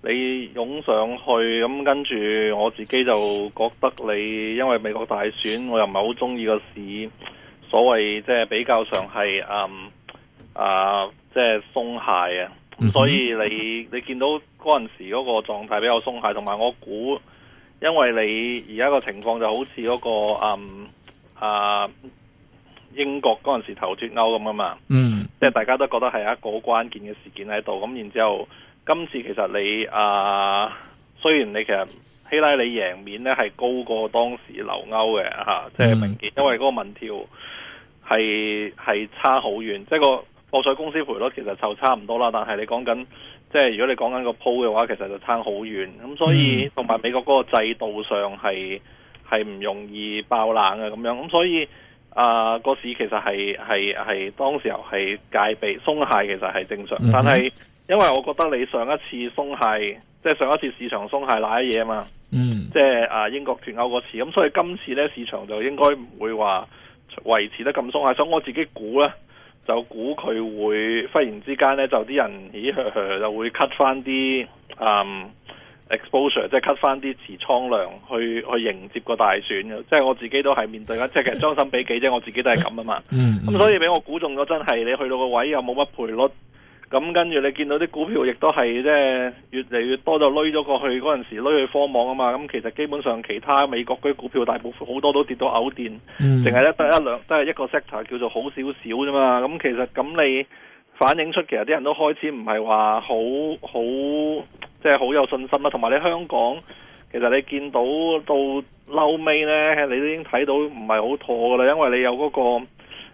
你湧上去咁，跟、嗯、住我自己就覺得你，因為美國大選，我又唔係好中意個市，所謂即係比較上係嗯啊，即係鬆懈啊，mm -hmm. 所以你你見到嗰陣時嗰個狀態比較鬆懈，同埋我估，因為你而家個情況就好似嗰、嗰個嗯啊英國嗰陣時候投脫歐咁啊嘛，mm -hmm. 即係大家都覺得係一個好關鍵嘅事件喺度，咁、嗯、然之後。今次其實你啊，雖然你其實希拉里贏面咧係高過當時留歐嘅嚇，即係民調，因為嗰個民調係係差好遠，即、就、係、係、個博彩公司賠率其實就差唔多啦。但係你講緊即係如果你講緊個鋪嘅話，其實就差好遠。咁所以同埋、嗯、美國嗰個制度上係係唔容易爆冷嘅咁樣。咁所以啊、嗰個市其實係係係當時候係戒備鬆懈，其實係正常，但、嗯、係。因為我覺得你上一次鬆懈，即係上一次市場鬆懈，瀨嘢啊嘛，嗯，即係啊英國脫歐嗰次，咁、嗯、所以今次咧市場就應該唔會話維持得咁鬆懈，所以我自己估咧就估佢會忽然之間咧就啲人咦呵呵，就會 cut 翻啲 exposure，即係 cut 翻啲持倉量去去迎接個大選嘅，即係我自己都係面對緊、嗯，即係其實將心比己啫，我自己都係咁啊嘛，嗯，咁、嗯、所以俾我估中咗，真係你去到個位又冇乜賠率。咁跟住你見到啲股票亦都係即係越嚟越多就累咗，過去嗰陣時累去科網啊嘛，咁其實基本上其他美國嗰啲股票大部分好多都跌到嘔電，淨係得得一兩都係一個 sector 叫做好少少啫嘛。咁其實咁你反映出其實啲人都開始唔係話好好即係好有信心啦。同埋你香港其實你見到到嬲尾呢，你都已經睇到唔係好妥噶啦，因為你有嗰個。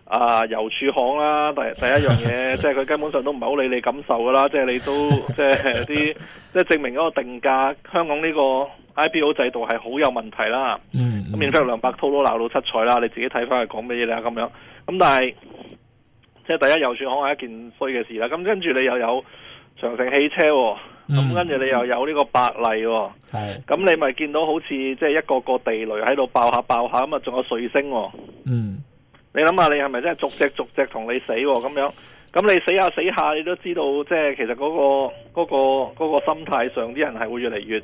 啊，郵儲行啦，第一第一樣嘢，即係佢根本上都唔係好理你感受噶啦，即係你都即係啲，即係呃，證明嗰個定價香港呢個 IPO 制度係好有問題啦。嗯，咁然之後梁伯韜都鬧到七彩啦，你自己睇翻佢講乜嘢啦咁樣。咁、嗯、但係即係第一郵儲行係一件衰嘅事啦。咁跟住你又有長城汽車、喔，咁、嗯、跟住你又有呢個百麗、喔，係、嗯、咁、嗯嗯、你咪見到好似即係一個個地雷喺度爆下爆下，咁啊仲有水星、喔。嗯。你諗下，你係咪真係逐隻逐隻同你死咁、啊、樣？咁你死下、啊、死下、啊，你都知道，即係其實嗰、個嗰、個嗰、個心態上啲人係會越嚟越、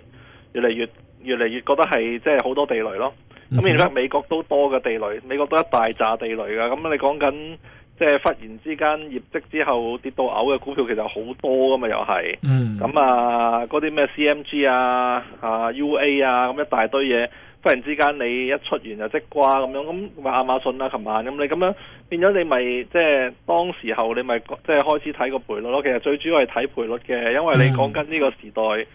越嚟越、越嚟越覺得係即係好多地雷咯。咁、嗯、而家美國都多嘅地雷，美國都一大紮地雷噶。咁你講緊即係忽然之間業績之後跌到嘔嘅股票，其實好多噶嘛，又係。嗯。咁啊，嗰啲咩 C M G 啊、啊 U A 啊，咁一大堆嘢。忽然之間，你一出完就即瓜咁樣，咁話亞馬遜啦、啊，琴晚咁你咁樣變咗，你咪即係當時候你咪即係開始睇個賠率咯。其實最主要係睇賠率嘅，因為你講緊呢個時代，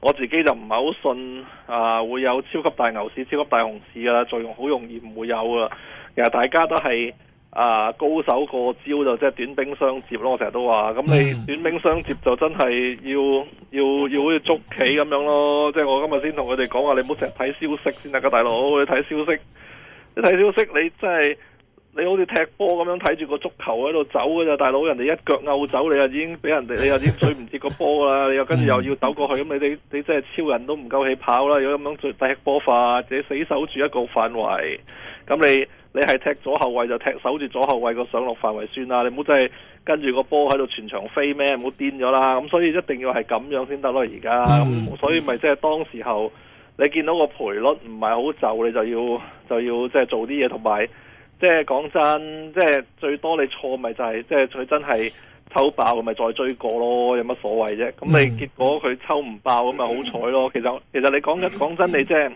我自己就唔係好信啊會有超級大牛市、超級大熊市啦作用，好容易唔會有嘅。其實大家都係。啊高手過招就即係短兵相接咯，我成日都話，咁你短兵相接就真係要要要好似捉棋咁樣咯，即係我今日先同佢哋講話，你唔好成日睇消息先得噶，大佬，你睇消息，你睇消息你真係你好似踢波咁樣睇住個足球喺度走噶咋，大佬，人哋一腳勾走你，就你，就 你又已經俾人哋，你又點追唔接個波啦？你又跟住又要走過去，咁你你你真係超人都唔夠氣跑啦，要咁樣再踢波化，自己死守住一個範圍，咁你。你係踢左後衞，就踢守住左後衞個上落範圍算啦，你唔好真係跟住個波喺度全場飛咩，唔好癲咗啦。咁所以一定要係咁樣先得咯，而家，所以咪即係當時候你見到個賠率唔係好就，你就要就要即係做啲嘢，同埋即係講真，即係最多你錯咪就係即係佢真係抽爆，咪再追過咯，有乜所謂啫？咁你結果佢抽唔爆咁咪好彩咯。其實其實你講緊講真，你即係。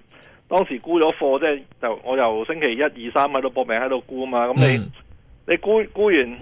當時沽咗貨，即係就我由星期一、二、三喺度搏命喺度沽啊嘛，咁你、mm. 你沽沽完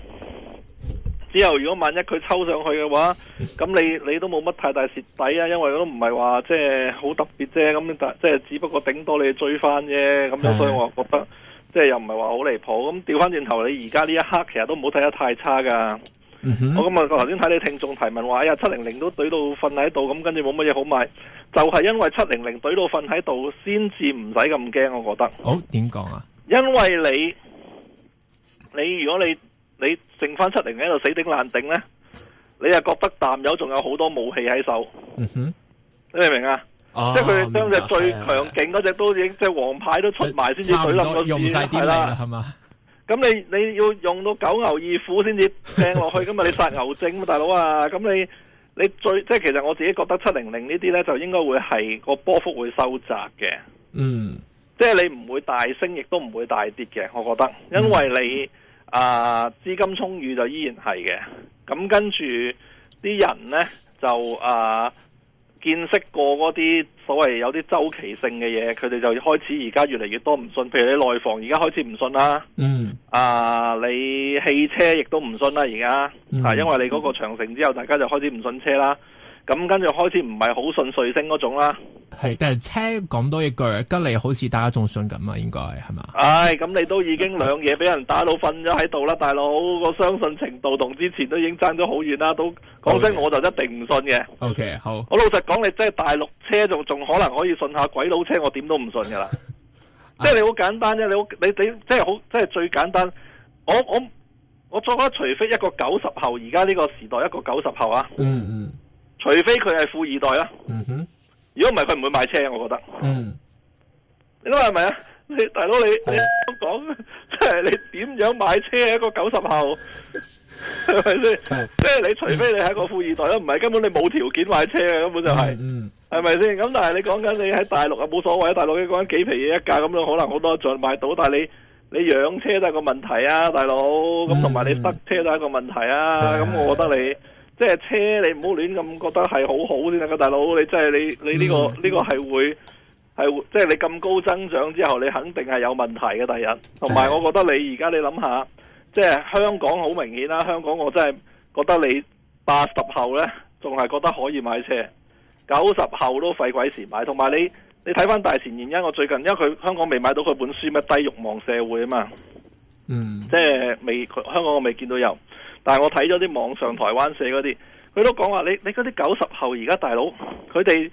之後，如果萬一佢抽上去嘅話，咁你你都冇乜太大蝕底啊，因為都唔係話即係好特別啫、啊，咁即係只不過頂多你追翻啫，咁樣所以我覺得、mm. 即係又唔係話好離譜，咁調翻轉頭你而家呢一刻，其實都唔好睇得太差噶。Mm -hmm. 我咁啊，頭先睇你聽眾提問話，哎呀，七零零都懟到瞓喺度，咁跟住冇乜嘢好賣，就係、是、因為七零零懟到瞓喺度，先至唔使咁驚，我覺得。好點講啊？因為你你如果你你剩翻七零零喺度死頂爛頂咧，你又覺得淡友仲有好多武器喺手，mm -hmm. 你明唔、oh, 明啊？即係佢將隻最強勁嗰隻都已即係王牌都出埋，先至佢諗到用晒啲啦，係嘛？咁你你要用到九牛二虎先至掟落去咁啊！你殺牛證嘛大佬啊！咁你你最即係其實我自己覺得七零零呢啲咧就應該會係個波幅會收窄嘅，嗯，即係你唔會大升，亦都唔會大跌嘅。我覺得，因為你啊資金充裕就依然係嘅，咁跟住啲人咧就啊。呃見識過嗰啲所謂有啲周期性嘅嘢，佢哋就開始而家越嚟越多唔信。譬如你內房而家開始唔信啦，嗯，啊，你汽車亦都唔信啦，而家，嗯，啊，因為你嗰個長城之後，嗯，大家就開始唔信車啦。咁跟住開始唔係好信瑞星嗰種啦，係但係車講多一句，吉利好似大家仲信咁啊，應該係嘛？唉，咁、哎、你都已經兩嘢俾人打到瞓咗喺度啦，大佬我相信程度同之前都已經爭咗好遠啦。都講真，我就一定唔信嘅。Okay. OK，好。我老實講，你即係大陸車仲仲可能可以信下鬼佬車，我點都唔信噶啦。 即係你好簡單啫，你好你你即係好即係最簡單。我我我作咗，除非一個九十後，而家呢個時代一個九十後啊。嗯嗯。除非佢係富二代啦，如果唔係佢唔會買車，我覺得。嗯、mm -hmm.，你諗下係咪啊？你大佬、oh. 你、就是、你講，即係你點樣買車？一個九十後係咪先？即係、oh. 你除非你係一個富二代啦，唔、mm、係 -hmm. 根本你冇條件買車，根本就係、是，係咪先？咁但係你講緊你喺大陸啊，冇所謂大陸你講緊幾皮嘢一架咁樣，可能好多再買到，但係你你養車都係個問題啊，大佬咁同埋你塞車都係一個問題啊，咁、mm -hmm. 我覺得你。Mm -hmm. 即係車，你唔好亂咁覺得係好好先得個大佬。你真係你你呢個呢個係會係即係你咁高增長之後，你肯定係有問題嘅第一。同埋，我覺得你而家你諗下，即係香港好明顯啦。香港我真係覺得你八十後呢，仲係覺得可以買車，九十後都費鬼時買。同埋你你睇翻大前研一，我最近因為佢香港未買到佢本書咩低慾望社會啊嘛，嗯即，即係未香港我未見到有。但係我睇咗啲網上台灣寫嗰啲，佢都講話你你嗰啲九十後而家大佬，佢哋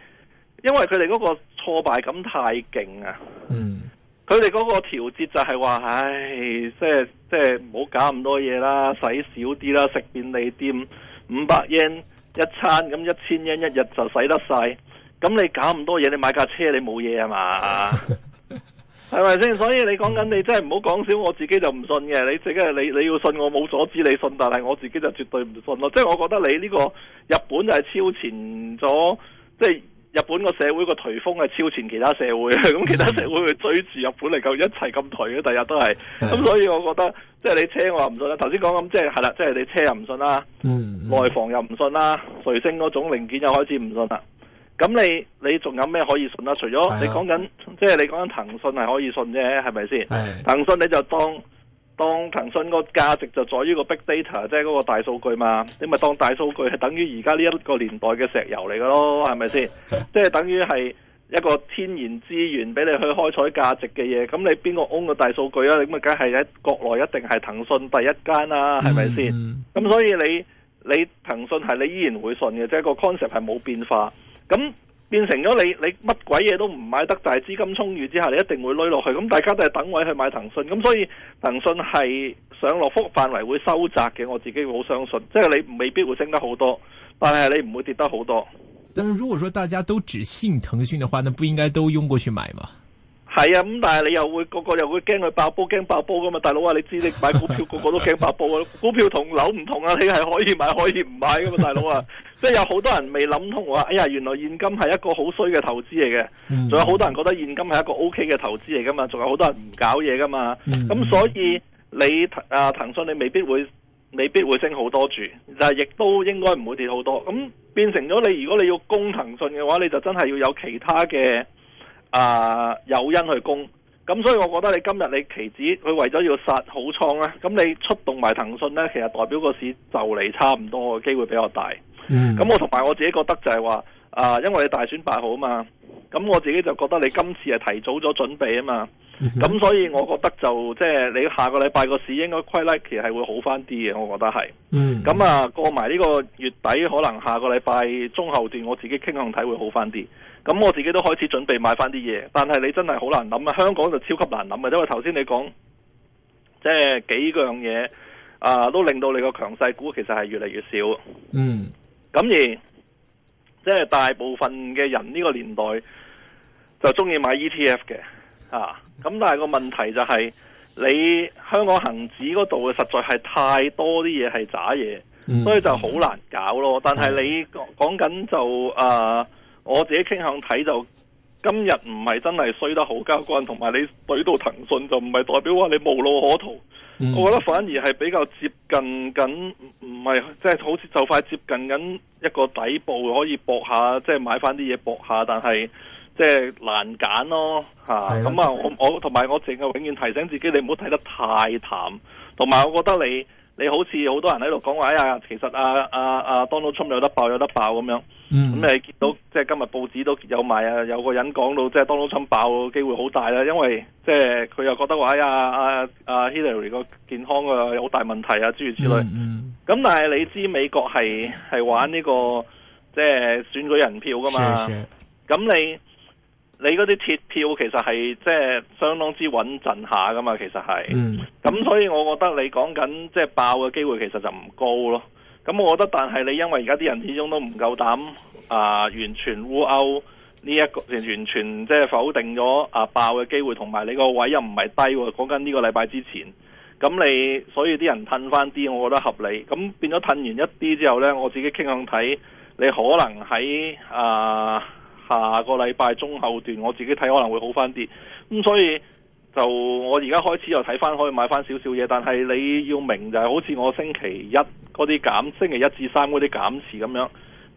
因為佢哋嗰個挫敗感太勁啊，嗯，佢哋嗰個調節就係話，唉，即係即係唔好搞咁多嘢啦，使少啲啦，食便利店五百日圓一餐，咁一千日圓一日就使得晒，咁你搞咁多嘢，你買架車你冇嘢呀嘛？ 係咪先？所以你講緊你真係唔好講少，我自己就唔信嘅。你即係你你要信我冇阻止你信，但係我自己就絕對唔信咯。即係我覺得你呢個日本就係超前咗，即係日本個社會個頹風係超前其他社會的，咁 其他社會會追住日本嚟搞一齊咁頹，第日都係。咁所以我覺得即係你車我又唔信啦，頭先講咁即係係啦，即係你車又唔信啦，嗯，嗯，內房又唔信啦，瑞聲嗰種零件又開始唔信啦。咁你你仲有咩可以信啊？除咗你講緊，即係、就是、你講緊騰訊係可以信啫，係咪先？騰訊你就當當騰訊個價值就在於個 big data，即係嗰個大數據,、就是、據嘛。你咪當大數據係等於而家呢一個年代嘅石油嚟噶咯，係咪先？即 係等於係一個天然資源俾你去開採價值嘅嘢。咁你邊個 own 個大數據啊？你咪梗係喺國內一定係騰訊第一間啦，係咪先？咁、嗯嗯、所以你你騰訊係你依然會信嘅，即、就、係、是、個 concept 係冇變化。咁變成咗你你乜鬼嘢都唔買得，但係資金充裕之下，你一定會攞落去。咁大家都係等位去買騰訊，咁所以騰訊係上落幅範圍會收窄嘅。我自己會好相信，即係你未必會升得好多，但係你唔會跌得好多。但係如果說大家都只信騰訊嘅話，那不應該都湧過去買嘛。係啊，咁但係你又會個個又會驚佢爆煲，驚爆煲噶嘛？大佬啊，你知你買股票 個個都驚爆煲啊！股票同樓唔同啊，你係可以買可以唔買噶嘛？大佬啊， 即係有好多人未諗通話，哎呀，原來現金係一個好衰嘅投資嚟嘅，仲、嗯、有好多人覺得現金係一個 OK 嘅投資嚟噶嘛，仲有好多人唔搞嘢噶嘛。咁、嗯、所以你啊騰訊你未必會未必會升好多住，但係亦都應該唔會跌好多。咁變成咗你如果你要供騰訊嘅話，你就真係要有其他嘅。啊有因去供，咁所以我覺得你今日你期指佢為咗要殺好倉咧，咁你出動埋騰訊咧，其實代表個市就嚟差唔多嘅機會比較大。嗯，咁我同埋我自己覺得就係話，啊，因為你大選八號啊嘛，咁我自己就覺得你今次係提早咗準備啊嘛，咁、嗯、所以我覺得就即係、就是、你下個禮拜個市應該虧咧，其實係會好翻啲嘅，我覺得係。咁、嗯、啊過埋呢個月底，可能下個禮拜中後段，我自己傾向睇會好翻啲。咁我自己都開始準備買返啲嘢，但係你真係好難諗啊！香港就超級難諗嘅，因為頭先你講即係幾樣嘢啊，都令到你個強勢股其實係越嚟越少。嗯，咁而即係大部分嘅人呢個年代就中意買 ETF 嘅啊，咁但係個問題就係、是、你香港恆指嗰度嘅實在係太多啲嘢係渣嘢，所以就好難搞咯。但係你講緊就、啊我自己傾向睇就今日唔係真係衰得好交關，同埋你對到騰訊就唔係代表話你無路可逃。嗯、我覺得反而係比較接近緊，唔係即係好似就快接近緊一個底部可以博下，即係買翻啲嘢博下。但係即係難揀咯嚇。咁啊，我我同埋我淨係永遠提醒自己，你唔好睇得太淡。同埋我覺得你。你好似好多人喺度講話，哎呀，其實啊啊啊 Donald Trump 有得爆有得爆咁樣，咁、嗯、你見到即係、就是、今日報紙都有埋啊，有個人講到即係、就是、Donald Trump 爆機會好大啦，因為即係佢又覺得話，哎呀啊啊 Hillary 個健康啊有好大問題啊諸如此類，咁、嗯嗯、但係你知美國係係玩呢、這個即係、就是、選舉人票噶嘛，咁你。你嗰啲鐵票其實係即係相當之穩陣下噶嘛，其實係。咁、嗯、所以我覺得你講緊即係爆嘅機會其實就唔高咯。咁我覺得但係你因為而家啲人始終都唔夠膽啊，完全烏鴉呢一個完全即係否定咗啊爆嘅機會，同埋你個位、這個位又唔係低喎。講緊呢個禮拜之前，咁你所以啲人褪翻啲，我覺得合理。咁變咗褪完一啲之後呢，我自己傾向睇你可能喺啊。呃下個禮拜中後段，我自己睇可能會好翻啲，咁、嗯、所以就我而家開始又睇翻，可以買翻少少嘢。但係你要明就係，好似我星期一嗰啲減，星期一至三嗰啲減持咁樣，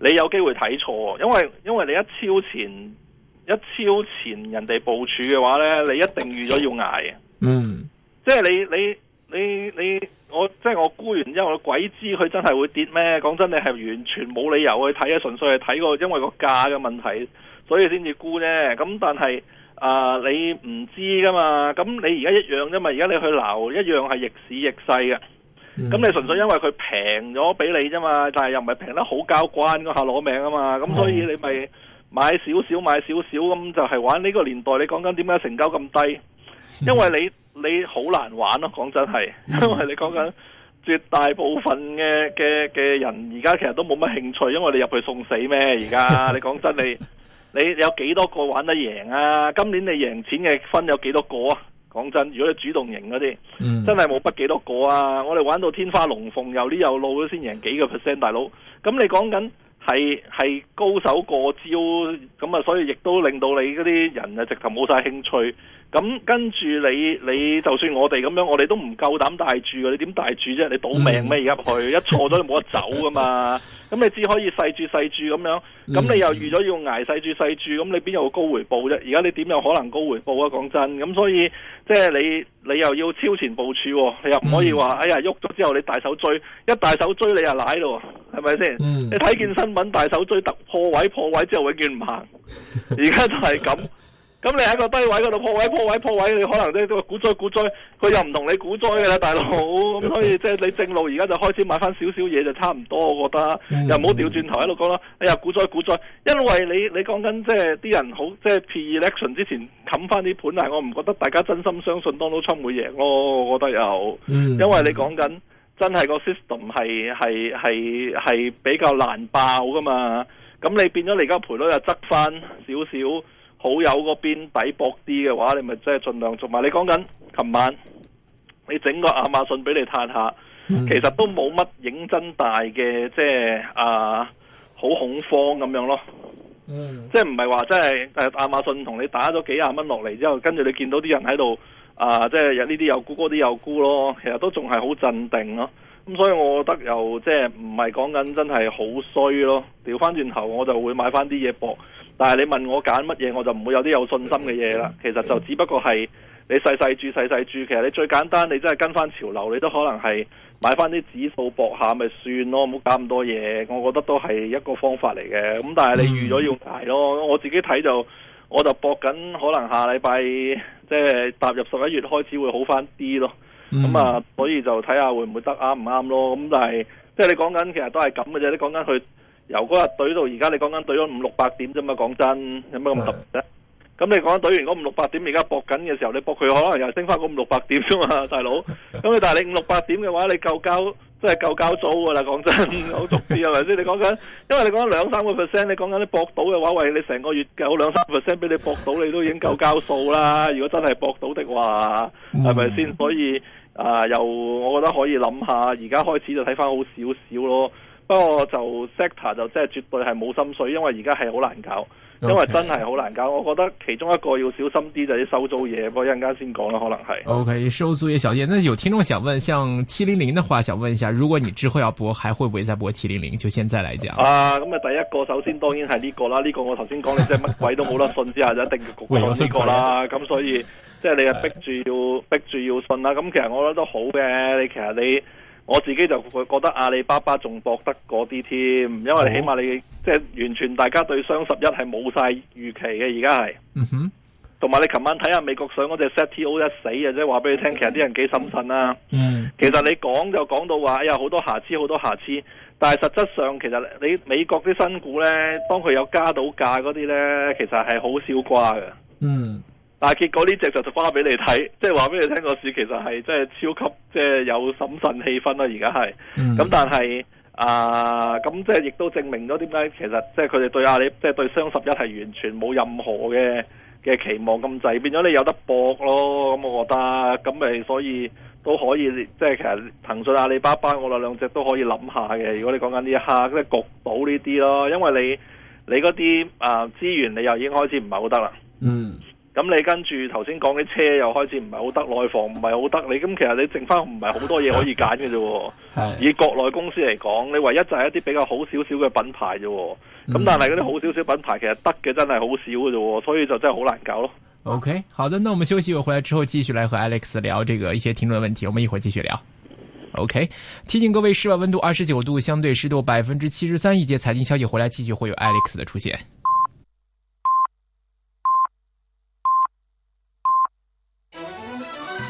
你有機會睇錯，因為因為你一超前一超前人哋部署嘅話呢，你一定預咗要挨。嗯，即係你你。你你你我即係我估完之後，我鬼知佢真係會跌咩？講真，你係完全冇理由去睇啊，純粹係睇個因為個價嘅問題，所以先至估啫。咁但係啊、呃，你唔知噶嘛？咁你而家一樣啫嘛？而家你去留一樣係逆市逆勢嘅。咁你純粹因為佢平咗俾你啫嘛？但係又唔係平得好交關嗰下攞命啊嘛？咁所以你咪買少少買少少咁就係玩呢個年代。你講緊點解成交咁低？因為你。你好難玩咯、啊，講真係，因為你講緊絕大部分嘅嘅嘅人而家其實都冇乜興趣，因為你入去送死咩？而家 你講真你，你有幾多個玩得贏啊？今年你贏錢嘅分有幾多個啊？講真，如果你主動贏嗰啲，真係冇得幾多個啊！我哋玩到天花龍鳳，又啲又老都先贏幾個 percent，大佬。咁你講緊？係係高手過招，咁啊，所以亦都令到你嗰啲人啊，直頭冇晒興趣。咁跟住你，你就算我哋咁樣，我哋都唔夠膽大注嘅，你點大注啫？你賭命咩入去？ 一錯咗你冇得走噶嘛。咁你只可以細住細住咁樣，咁你又預咗要挨細住細住，咁你邊有個高回報啫？而家你點有可能高回報啊？講真，咁所以即係你你又要超前部署，哦，你又唔可以話哎呀喐咗之後你大手追，一大手追你又瀨咯，係咪先？你睇見新聞大手追突破位破位之後永遠唔行，而家就係咁。 咁你喺個低位嗰度破位破位破位，破位，你可能即係都係股災股災，佢又唔同你股災㗎啦，大佬。咁 所以即係你正路而家就開始買翻少少嘢就差唔多，我覺得、嗯、又唔好調轉頭喺度講啦。哎呀股災股災，因為你你講緊即係啲人好即係、就是、pre-election 之前冚翻啲盤，但係我唔覺得大家真心相信 Donald Trump 會贏咯，我覺得又、嗯，因為你講緊、就是、真係個 system 係係係係比較難爆噶嘛。咁你變咗你而家賠率又執翻少少。好友嗰邊抵搏啲嘅話，你咪即係盡量做埋。你講緊琴晚你整個亞馬遜俾你嘆下，其實都冇乜認真大嘅，即係啊，好恐慌咁樣咯。嗯，即係唔係話即係誒亞馬遜同你打咗幾廿蚊落嚟之後，跟住你見到啲人喺度啊，即、呃、係有呢啲有沽嗰啲有沽咯，其實都仲係好鎮定咯。咁、嗯、所以我覺得又即係唔係講緊真係好衰咯，調翻轉頭，我就會買翻啲嘢搏。但係你問我揀乜嘢，我就唔會有啲有信心嘅嘢啦。其實就只不過係你細細注細細注。其實你最簡單，你真係跟翻潮流，你都可能係買翻啲指數搏下咪算咯，唔好搞咁多嘢。我覺得都係一個方法嚟嘅。咁但係你預咗要挨咯、嗯。我自己睇就我就搏緊可能下禮拜即係踏入十一月開始會好翻啲咯。咁、嗯嗯、啊，所以就睇下會唔會得啱唔啱咯。咁、嗯、但係，即係你講緊其實都係咁嘅啫。你講緊佢由嗰日對到而家，你講緊對咗五六百點啫嘛。講真，有乜咁特別啫？咁、嗯、你講緊對完嗰五六百點，而家搏緊嘅時候，你搏佢可能又升翻嗰五六百點啫嘛，大佬。咁 你但係你五六百點嘅話，你夠交即係夠交租㗎啦。講真，好俗啲係咪先？ 你講緊，因為你講緊兩三個 percent，你講緊啲搏到嘅話，喂，你成個月有兩三個 percent 俾你搏到，你都已經夠交數啦。如果真係搏到的話，係咪先？所以啊、呃！又，我覺得可以諗下，而家開始就睇翻好少少咯。不過就 sector 就即係絕對係冇心水，因為而家係好難搞，okay. 因為真係好難搞。我覺得其中一個要小心啲就係收租嘢，不過一陣間先講啦，可能係。OK，收租嘢小姐，有聽眾想問，像七零零的話，想問一下，如果你之後要播，還會唔會再播七零零？就現在嚟講。啊、呃，咁、嗯、啊，第一個首先當然係呢個啦。呢、這個我頭先講你真係乜鬼都冇得信之下，就一定要焗收租呢個啦。咁 所以。即係你又逼住要逼住要信啦、啊，咁、嗯、其實我覺得都好嘅。你其實你我自己就覺得阿里巴巴仲博得嗰啲添，因為起碼你、哦、即係完全大家對雙十一係冇晒預期嘅，而家係。嗯哼。同埋你琴晚睇下美國上嗰隻 ZTO 一死即係，話俾你聽，其實啲人幾審慎啦。嗯。其實你講就講到話，哎呀好多瑕疵，好多瑕疵。但係實質上，其實你美國啲新股呢，當佢有加到價嗰啲呢，其實係好少瓜嘅。嗯。啊！結果呢隻就就翻俾你睇，即係話俾你聽個市其實係真係超級即係有審慎氣氛啦。而家係咁，但係啊，咁、呃、即係亦都證明咗點解其實即係佢哋對阿里即係對雙十一係完全冇任何嘅嘅期望咁滯，變咗你有得博咯。咁我覺得咁咪所以都可以，即係其實騰訊、阿里巴巴我兩隻都可以諗下嘅。如果你講緊呢一刻咧，焗到呢啲咯，因為你你嗰啲啊資源你又已經開始唔係好得啦。嗯。咁你跟住頭先講嘅車又開始唔係好得，內房唔係好得，你咁其實你剩翻唔係好多嘢可以揀嘅啫喎。 以國內公司嚟講，你唯一就係一啲比較好少少嘅品牌啫喎。咁但係嗰啲好少少品牌其實得嘅真係好少嘅啫喎，所以就真係好難搞咯。OK，好的，那我們休息一下，我回來之後繼續來和 Alex 聊這個一些聽眾嘅問題，我們一會兒繼續聊。OK，提醒各位室外溫度二十九度，相對濕度百分之七十三。一節財經消息回來，繼續會有 Alex 的出現。